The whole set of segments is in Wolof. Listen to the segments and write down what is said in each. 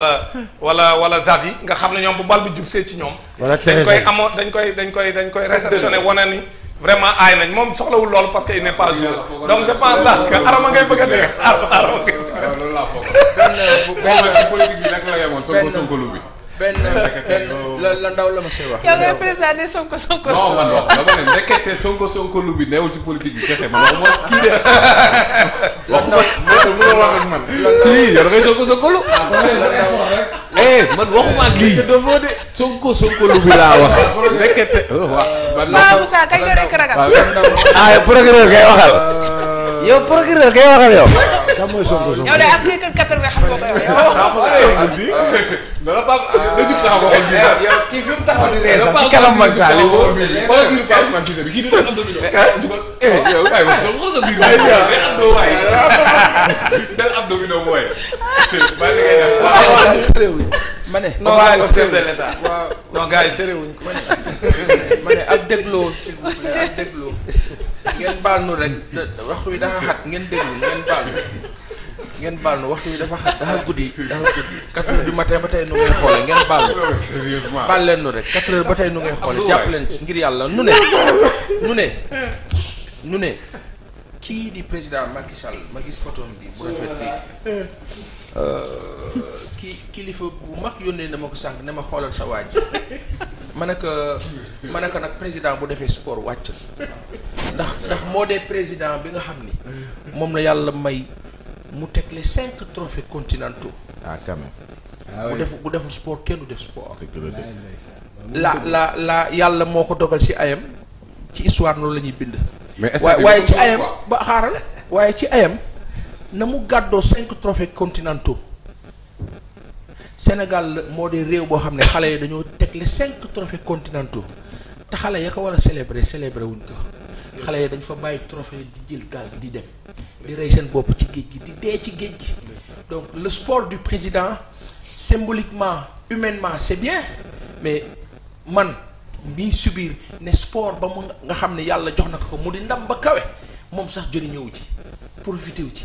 Euh, wala wala Xavi nga xam ne ñoom bu bal bi jubsee ci ñoom. dañ koy amoo dañ koy dañ koy dañ koy réceptionné wane ni. vraiment aay nañ moom soxlawul loolu parce que il n'est pas joueur donc je pense là ngay bëgg a arama ngay bëgg a dee ah, la yemoon la la ndaw la ma see wax. yow ngay présenté sonko sonko. lu bi newul ci politique bi kese man waxuma kii de. ngay sonko sonko lu. man waxuma ak lii Sonko Sonko lu bi laa wax. nekkete oh, waaw. waaw Moussa kañ nga nekk ragal. ah kay waxal. Ah, yow procureur kay euh, waxal yow. kan mooy Sonko Sonko. yow de am nga kër 80 xam nga ko yow. dana Pape ah. dëgg taxaw waxoon eh, bi. yow kii fi mu taxaw di eh, yow ma ne non gars yi chef de l'état waaw non gars yi séré wuñ ko ma ne ma ne ak dégloo s'il vous plaît ak dégloo ngeen baal nu rek waxtu wi dafa xat ngeen déglu ngeen baal ngeen baal nu waxtu wi dafa xat dafa guddi dafa guddi quatre heures du matin ba tey nu ngay xoole ngeen baal nu sérieusement baal leen nu rek quatre heures ba tey nu ngay xoole jàpp leen ci ngir yàlla nu ne nu ne nu ne kii di président Macky Sall ma gis photom bi bu rafet bi ki kilifa bu mag yónnee na ma ko sànq ne ma xoolal sa waaj ma ne ko ma ne ko nag président bu defee sport wàcc ndax ndax moo dee président bi nga xam ni moom na yàlla may mu teg le cinq trophées continentaux. ah quand même. Ah bu def def sport. la la la yàlla moo ko dogal ci ayam ci histoire loolu la ñuy bind. waaye ci ayam ba xaaral waaye ci ayam. na mu gàddoo cinq trophées continentaux Sénégal moo di réew boo xam ne xale yi dañoo teg cinq trophées continentaux te xale ya ko war a célébrer célébrer wuñ ko. xale yi dañu fa bàyyi trophée di jël gaal di dem. di rey seen bopp ci géej gi di dee ci géej gi. donc le sport du président symboliquement humainement c'est bien mais man bi subir ne sport ba mu nga xam ne yàlla jox na ko mu di ndam ba kawe moom sax jëriñëwu ci profité wu ci.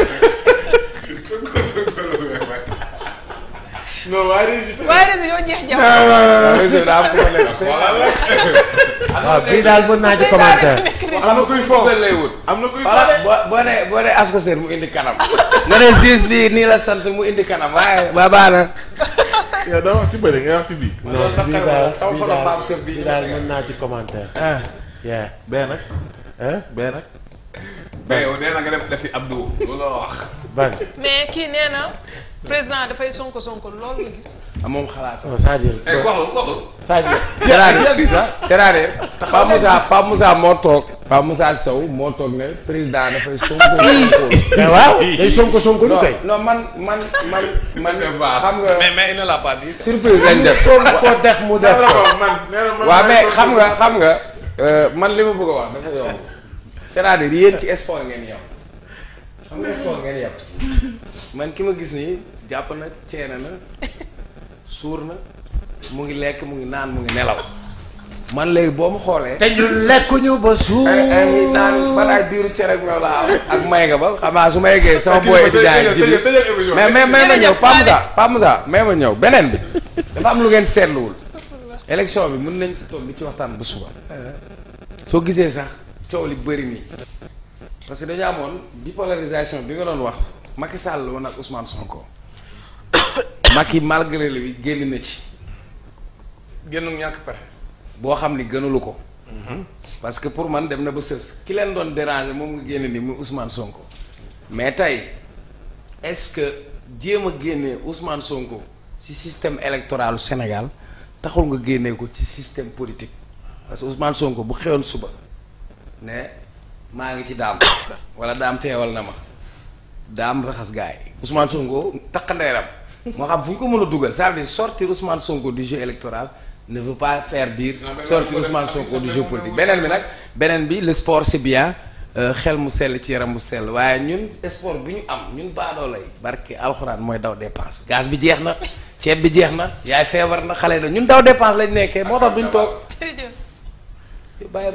non waaye waaw bii daal mën naa ci commentaire. mu indi kanam. nga ne siis lii nii la sant mu indi kanam waaye. ba baax na. wax ci bëri nga wax ci bii. non bii daal bii daal mën naa ci commentaire. bien nag. bien nag. mais yow nee na nga def defi Abdou loolu la wax. mais kii nee na président dafay sonko sonko loolu nga gis. moom xalaat la. Oh, c'est-à-dire. Eh, c'est-à-dire Pape Moussa Pape Moussa moo toog. Pape ne président dafay sonko sonko. mais waaw day sonko sonko lu koy. non man man man man. xam nga mais mais il l'a pas dit. def sonko def mu def. waaw mais xam nga xam nga euh, man li ma bëgg a wax c'est-à-dire yéen ci sport ngeen yem man ki ma gis nii jàpp na ceena na suur na mu ngi lekk mu ngi naan mu ngi nelaw man léegi boo mu xoolee. te ñu lekk ñu ba suur. naan man biiru cere ak la am. ak may nga ba xam naa su ma yeggee sama booy étudiant yi ji may ma ñëw Pa Moussa Pa Moussa may ma ñëw beneen bi dafa am lu ngeen seetluwul. élection bi mën nañ ci toog di ci waxtaan ba suba. Eh. soo gisee sax. coow li bëri nii parce que dañu amoon bi bipolarisation bi nga doon wax Macky sàll woon ak Ousmane Sonko Macky malgré lui génn na ci génnu ñàkk pexe boo xam ni gënalu ko mhm. parce que pour man dem na ba sës ki leen doon déranger moom nga génn nii mu Ousmane Sonko mais tey est-ce que jéem a génnee Ousmane Sonko ci système électoral Sénégal taxul nga génnee ko ci système politique parce que Ousmane Sonko bu xewoon suba ne maa ngi ci daam wala daam teewal na ma daam raxas gaay Ousmane Sonko takk ndeyram moo xam fu ñu ko mën a dugal ça veut dire sortir Ousmane Sonko du jeu électoral ne veut pas faire dire sortir Ousmane Sonko du jeu politique beneen bi nag beneen bi le sport c'est bien euh, xel mu sell ci yaram mu sell waaye ñun sport bi ñu am ñun baadoo lay barke alxuraan mooy daw dépense gaz bi jeex na ceeb bi jeex na yaay feebar na xale na ñun daw dépense lañ nekkee moo tax bàyyi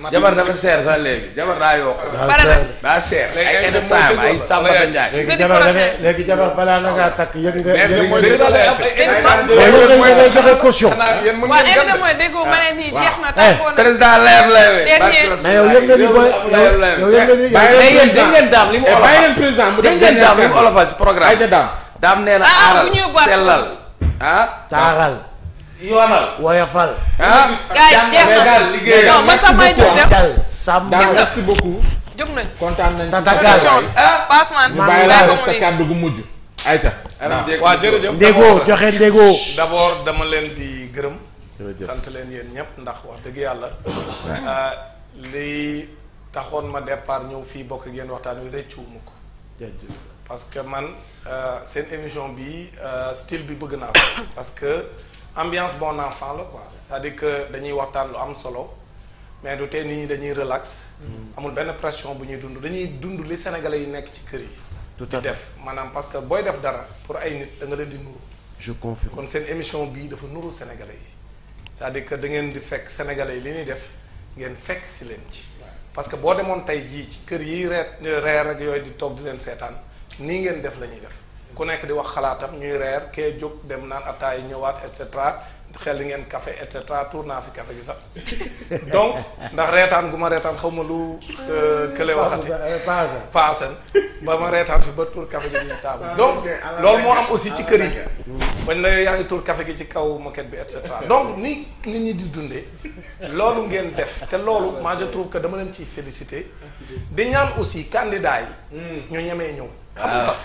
ma jabar dafa seer sax léegi jabar daa yokk. daa seer ay état ay Samba Ndiaye. léegi jabar léegi jabar balaa na ngaa takk yëg nga. président layam layam. waaw président layam layam. yoonal woyofal. ah daal liggéey man sax may jóg dem merci beaucoup. jóg nañ kontaan nañ. ah Passman. ñu bàyyi la rek sa kàddu gu mujj. ayca waaw jërëjëf ndégoo joxe ndégoo. d'abord dama leen di gërëm. sant leen yéen ñëpp ndax wax dëgg yàlla. Ah, li taxoon ma départ ñëw fii bokk ak waxtaan wi rëccuwuma ko. parce que man ah, seen émission bi ah, style bi bëgg naa ko parce ambiance bon enfant la quoi c'est-à-dire que dañuy waxtaan lu am solo mais du tee nit ñi dañuy relax. Mm. amul benn pression bu ñuy dund dañuy dund li Sénégalais yi nekk ci kër yi. tout def maanaam parce que booy def dara pour ay nit da nga leen di nuru. je confirme kon seen émission bii dafa nuru Sénégalais yi cest à que da ngeen di fekk Sénégalais yi li ñuy def ngeen fekk si leen ci. parce que boo demoon tey jii ci kër yi reer reer ak yooyu di toog di leen seetaan nii ngeen def la ñuy def. ku nekk di wax xalaatam ñuy reer kee jóg dem naan ataay ñëwaat et cetera xel li ngeen kafe et tra tour naa fi café gi sax donc ndax reetaan gu ma reetaan xaw ma lu euh, kële waxati euh, paasen ba ma reetaan fi ba tour café gi ñu taabu ah, donc loolu moo am aussi ci kër yi bañ la yaa ngi tour café gi ci kaw moquette bi et cetera donc ni nit ñi di dundee loolu ngeen def te loolu ma je trouve que dama leen ciy félicité di ñaan aussi candidat yi ñu ñemee ñëw xam tax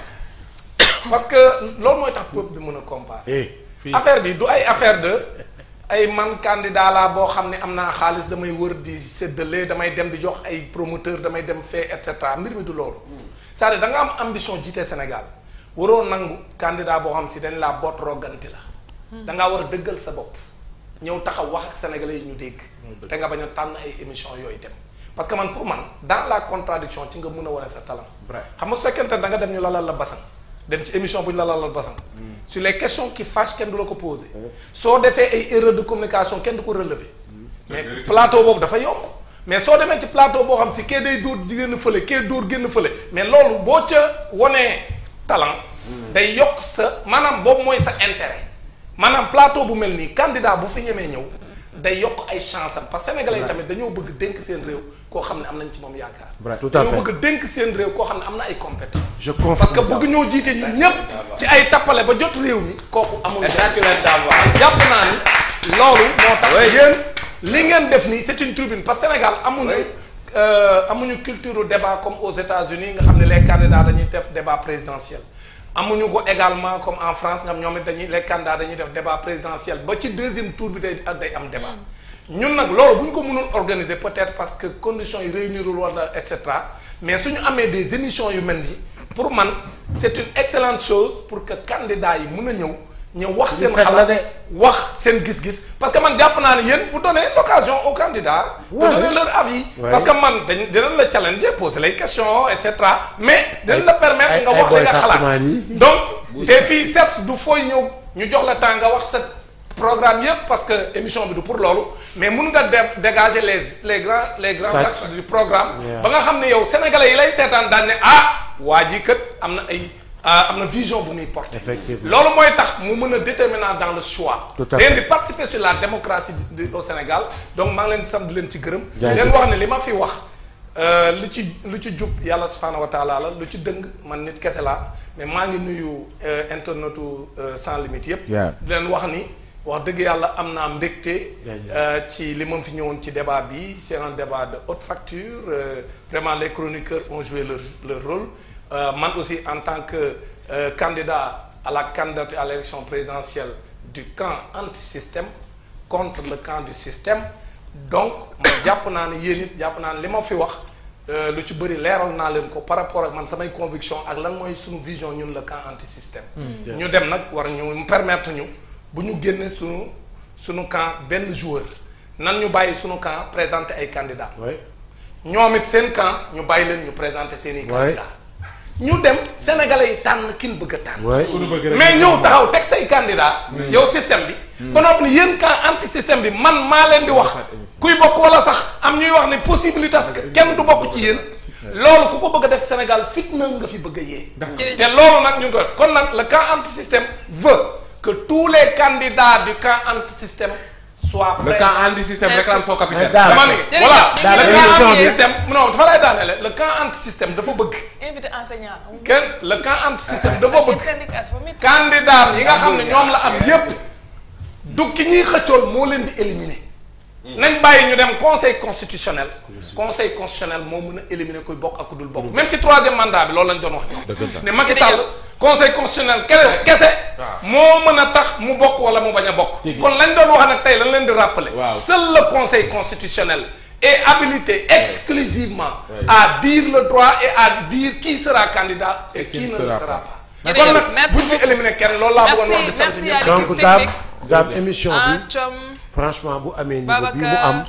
parce que loolu mooy tax peuple bi mën a comparer. Eh, affaire bi du ay affaire de ay man candidat laa boo xam ne am naa xaalis damay wër di séddale damay dem di jox ay promoteur damay dem fee et cetera mbir mi du loolu. c'est-à-dire da nga am ambition jiite Sénégal waroo nangu candidat boo xam si dañ laa boot rogganti la. Hmm. da ngaa war a dëggal sa bopp. ñëw taxaw wax ak sénégalais yi ñu dégg. Hmm. te nga bañ a tànn ay émission yooyu dem. parce que man pour man dans la contradiction ci nga mun a wane sa talent. xam nga su da nga dem ñu lalal la basan dem ci émission bu ñu la lalal basang hmm. sur les questions qui fâchent kenn du la ko posé soo defee ay erreur de communication kenn du ko relever hmm. mais plateau boobu dafa yomb mais soo demee ci plateau boo xam si kee day dóor génn fële kee dóor génn fële mais loolu boo ca wonee talant hmm. day yokk sa maanaam boobu mooy sa intérêt maanaam plateau bu mel nii candidat bu fi ñemee ñëw day yokk ay chance am parce que sénégalais yi tamit dañoo bëgg dénk seen réew koo xam ne am nañ ci moom yaakaar dañoo bëgg dénk seen réew koo xam ne am na ay compétence je confirme parce bëgg ñoo jiite ñun ñépp ci ay tappale ba jot réew mi kooku amul jàpp naa ni loolu moo tax yéen ngeen def nii c'est une tribune parce que Sénégal amuñu euh, amuñu culture débat comme aux États-Unis nga xam ne les candidats dañuy def débat présidentiel amuñu ko également comme en France nga ñoom it dañuy les candidats dañuy def débat présidentiel ba ci deuxième tour bi day day am débat ñun nag loolu bu ñu ko mënoon organiser peut-être parce que conditions yu réunirul wala et cetera mais suñu amee des émissions yu mel nii pour man c'est une excellente chose pour que candidats yi mun a ñëw ñëw wax seen xalaat wax seen gis-gis parce que man jàpp naa ne yéen vous donnez l'occasion aux candidats de donner leur avis parce que man dañ dinañ la challenger poser les question et cetera mais dinañ la permettre nga wax li nga xalaat donc te fii certes du fooy ñëw ñu jox la temps nga wax sa programme yëpp parce que émission bi du pour loolu mais mun nga dégager les les grands les grands axes du programme ba nga xam ne yow sénégalais yi lay seetaan daan ne ah waa ji kët am na ay Euh, am na vision bu muy porté. effectivement loolu mooy tax mu mën a déterminant dans le choix. tout à fait di participer la démocratie au Sénégal donc maa ngi leen sam di leen ci gërëm. leen wax ne li ma fi wax. Euh, lu ci lu ci jub yàlla subhaanahu wa lu ci dëng man nit kese laa mais maa ngi nuyu euh, internetu sans limite yëpp. di leen wax ni wax dëgg yàlla am naa mbégte. ci li ma fi ñëwoon ci débat bi c'est un débat de haute facture vraiment les chroniqueurs ont joué leur leur Euh, man aussi en tant que euh, candidat à la candidature à l'élection présidentielle du camp anti-système contre le camp du système donc jàpp naa ne yéen it jàpp naa ne li ma fi wax euh, lu ci bëri leeral naa leen ko par rapport ak man samay conviction ak lan mooy suñu vision ñun la camp anti-système hmm. ñu dem nag war ñu permettre ñu bu ñu génne suñu suñu camp benn joueur nan ñu bàyyi suñu camp présenter ay candidats ñoom it seen camp ñu bàyyi leen ñu présenter seen i candidats ñu dem sénégalais yi tànn kin bëgg a tànn. mais ñëw taxaw teg say candidat yow système bi. Hmm. ba noppi yéen camp anti système bi man maa leen di wax. kuy bokk wala sax am ñuy wax ne possibilité kenn du bokk ci yéen. loolu ku ko bëgg a def Sénégal fitna nga fi bëgg a yee. te loolu nag ñu ngi ko def kon nag la camp anti système veut que tous les candidats du camp anti système. soit prêt le camp anti-système réclame son capitaine. dama ne voilà le camp anti-système dafa bëgg. invité enseignant. kenn le camp anti-système dafa bëgg. candidat yi nga xam ne ñoom la am yépp du ñuy xëccool moo leen di éliminer. nañ bàyyi ñu dem conseil constitutionnel. conseil constitutionnel moo mën a éliminer kuy bokk ak ku dul bokk. même ci troisième mandat bi loolu lañ doon wax. ne Macky Sall conseil constitutionnel kese kese. moo mën a tax mu bokk wala mu bañ a bokk. kon lañ doon wax nag tey lañ leen di rappeler. seul le conseil constitutionnel. est habilité exclusivement. à dire le droit et à diir qui sera candidat. et qui ne le sera pas. kon nag bu ñu fi éliminer kenn loolu laa bëggoon wax di sant ñëpp. donc daal daal émission bi ah, franchement bu amee niveau bi mu am.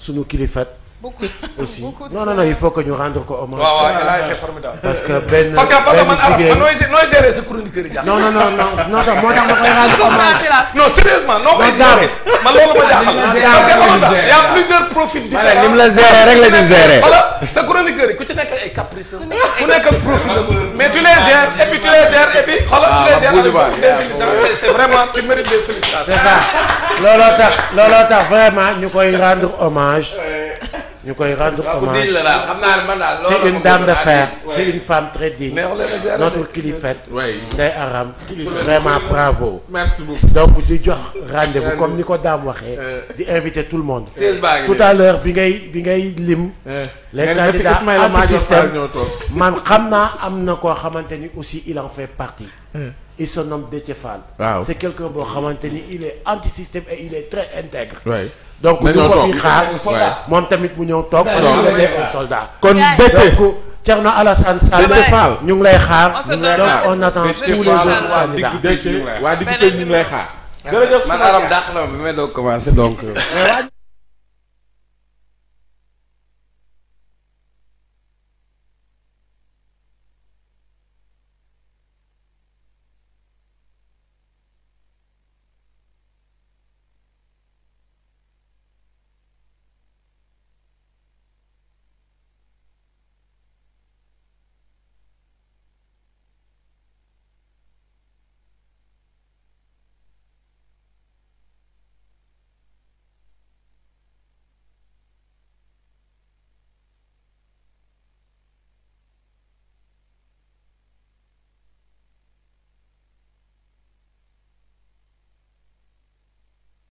suñu kilifa. beaucoup aussi beaucoup non non non il faut que ñu rendre ko hommage. waaw waaw elle a été formidable. parce que benn parce que parce que man arab man nooy nooy gérer sa chroniqueur yi non non non non non sax moo tax ma koy rendre hommage. non sérieusement noo koy gérer. man loolu ma jaaxal. parce que y a plusieurs profils différents. voilà ni mu la gérer rek la ñu gérer. voilà sa chroniqueur yi ku ci nekk ay caprice. ku nekk ak profil mais tu les gères et puis tu les gères et puis. xoolal tu les ah, gères avec c'est vraiment tu mérites des félicitations. c'est ça looloo tax looloo tax vraiment ñu koy rendre hommage. ñu koy rendre hommage c'est une dame de fer c'est une femme très digne notre kilifette Ndeye Arame vraiment bravo merci beaucoup donc di jox rendez-vous comme ni ko daam waxee euh. di inviter tout le monde tout à l'heure bi ngay bi ngay lim euh. les candidats anti-système man xam naa am na koo xamante ni aussi il en fait partie euh. il se nomme Déthié Fall. waaw c'est quelqu'un boo xamante ni il est anti-système et il est très intègre. donc ñu ko fi xaar moom tamit mu ñëw toog. un soldat. kon Déthié donc Thierno Alassane Sall. ñu ngi lay xaar. donc ngi lay xaar. jërëjëf man arab dàq na bi may doog commencer donc.